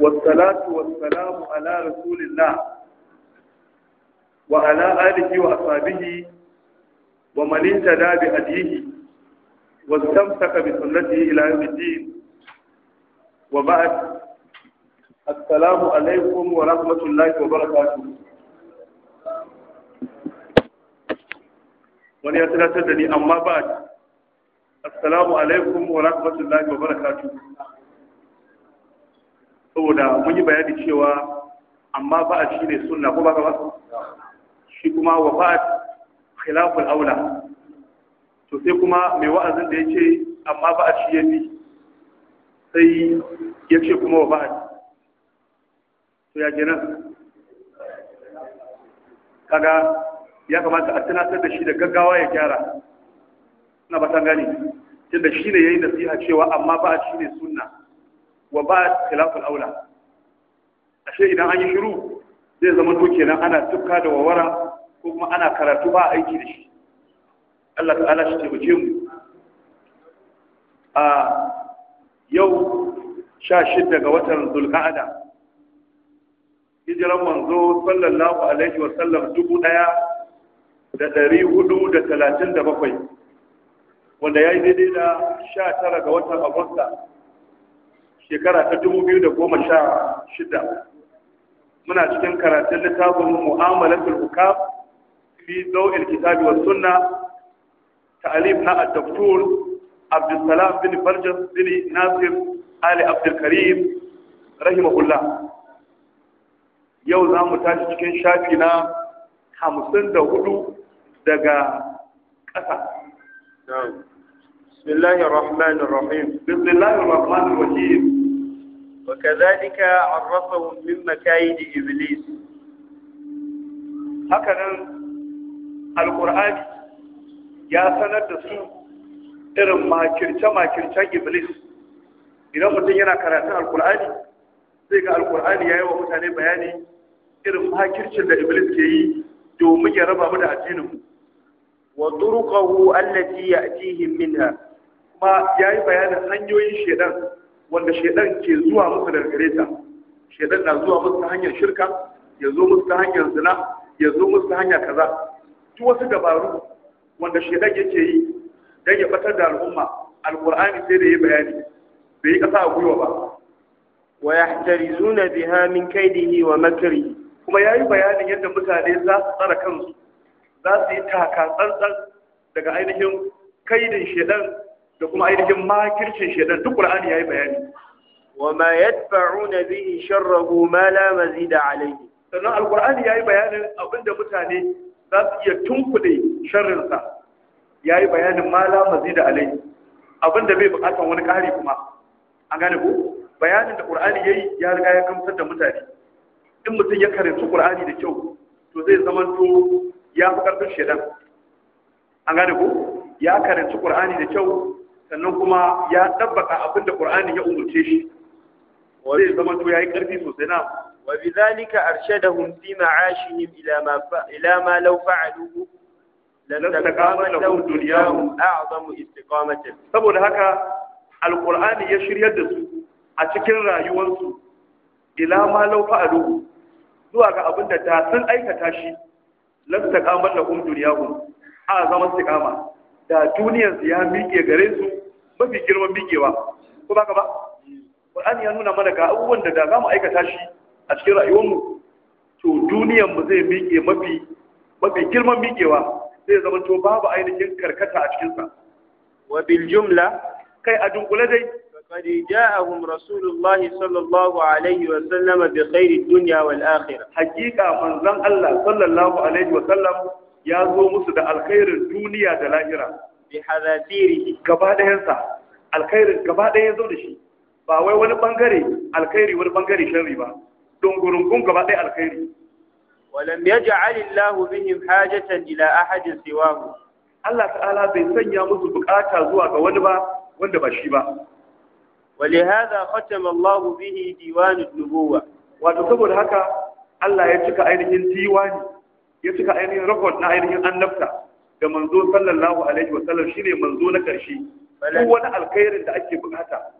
والصلاة والسلام على رسول الله وعلى آله وأصحابه ومن اهتدى بهديه واستمسك بسنته إلى يوم الدين وبعد السلام عليكم ورحمة الله وبركاته wani ya tunatar da ni amma ba assalamu alaikum wa rahmatullahi wa barakatuh saboda mun yi bayani cewa amma shi shine sunna ko ba ka ba shi kuma wa ba'ad khilaful aula to sai kuma mai wa'azin da ce amma ba'ad shi yafi sai ce kuma wa ba'ad to ya kenan kaga ya kamata a tunatar da shi da gaggawa ya gyara na ba san gani tunda shine yayin nasiha cewa amma shi shine sunna wa ba khilaful aula ashe idan an yi shiru zai zama to kenan ana tufka da wawara ko kuma ana karatu ba aiki da shi Allah ta'ala shi taimake mu a yau sha shidda ga watan zulqa'ada hijiran manzo sallallahu alaihi wa sallam dubu daya da dari hudu da talatin da bakwai wanda ya yi daidai da sha tara ga watan agusta shekara ta dubu biyu da goma sha shida muna cikin karatun littafin mu'amalar hukam fi zawil kitabi wa sunna ta'alif na ad-doktor Abdulsalam bin Barjas bin Nasir Ali Abdulkarim rahimahullah yau za mu tashi cikin shafi na hamsin da hudu daga ƙasa. بسم الله الرحمن الرحيم بسم الله الرحمن الرحيم وكذلك عرفهم من مكايد إبليس هكذا ya sanar da su irin makirce-makircen iblis idan mutum yana karatun alkur'ani zai ga alkur'ani ya yi wa mutane bayani irin makircin da iblis ke yi domin ya raba mu da addininmu wa turuqahu allati ya'tihim minha kuma yayi bayanin hanyoyin shedan wanda shaidan ke zuwa musu daga gare ta shaidan na zuwa musu ta hanyar shirka ya zo musu ta hanyar zina ya zo musu ta hanya kaza duk wasu dabaru wanda shaidan yake yi dan ya batar da al'umma alqur'ani sai da yi bayani bai yi kasa a gwiwa ba wa yahtarizuna biha min kaidihi wa makri kuma yayi bayanin yadda mutane za su tsara kansu za su yi taka tsantsan daga ainihin kaidin shaidan da kuma ainihin makircin shedan duk qur'ani yayi bayani wa ma yadfa'una shan sharrahu ma la da alayhi sannan alqur'ani yayi bayanin abinda mutane za su iya tunkude sharrin sa yayi bayanin ma la mazida alayhi abinda bai bukatan wani kari kuma an gane ko bayanin da qur'ani yayi ya riga ya kamsar da mutane in mutum ya karanta qur'ani da kyau to zai zamanto ya fi karfin shedan an gane ko ya karanci qur'ani da kyau sannan kuma ya tabbata abin da qur'ani ya umurce shi zai zama to yayi ƙarfi sosai na wa bidhalika arshadahum fi ma'ashihim ila ma ila ma law fa'aluhu saboda haka alkur'ani ya shiryar da su a cikin rayuwarsu ila ma lau fa'alu zuwa ga abin da ta sun aikata shi lan taqamal lahum dunyahum a zama istiqama da duniyar ya miƙe gare su mafi girman miƙewa ko ba ka ba Qur'ani ya nuna mana ga abubuwan da za mu aikata shi a cikin rayuwarmu to duniyar mu zai miƙe mafi mafi girman miƙewa sai zama to babu ainihin karkata a cikin sa wa bil jumla kai a dunkule dai فقد جاءهم رسول الله صلى الله عليه وسلم بخير الدنيا والآخرة حقيقة من ذن الله صلى الله عليه وسلم ya zo musu da alkhairin duniya da lahira bi hadadirihi gaba ɗayansa alkhairin gaba ɗaya zo da shi ba wai wani bangare alkhairi wani bangare sharri ba gun gaba ɗaya alkhairi walam yaj'al Allahu bihim hajatan ila ahadin siwahu Allah ta'ala bai sanya musu bukata zuwa ga wani ba wanda ba shi ba ولهذا ختم الله به ديوان النبوة wato saboda haka Allah ya cika ainihin diwani ya cika ainihin rekod na ainihin annabta da manzo sallallahu alaihi wa sallam shine manzo na karshe ko wani alkhairin da ake bukata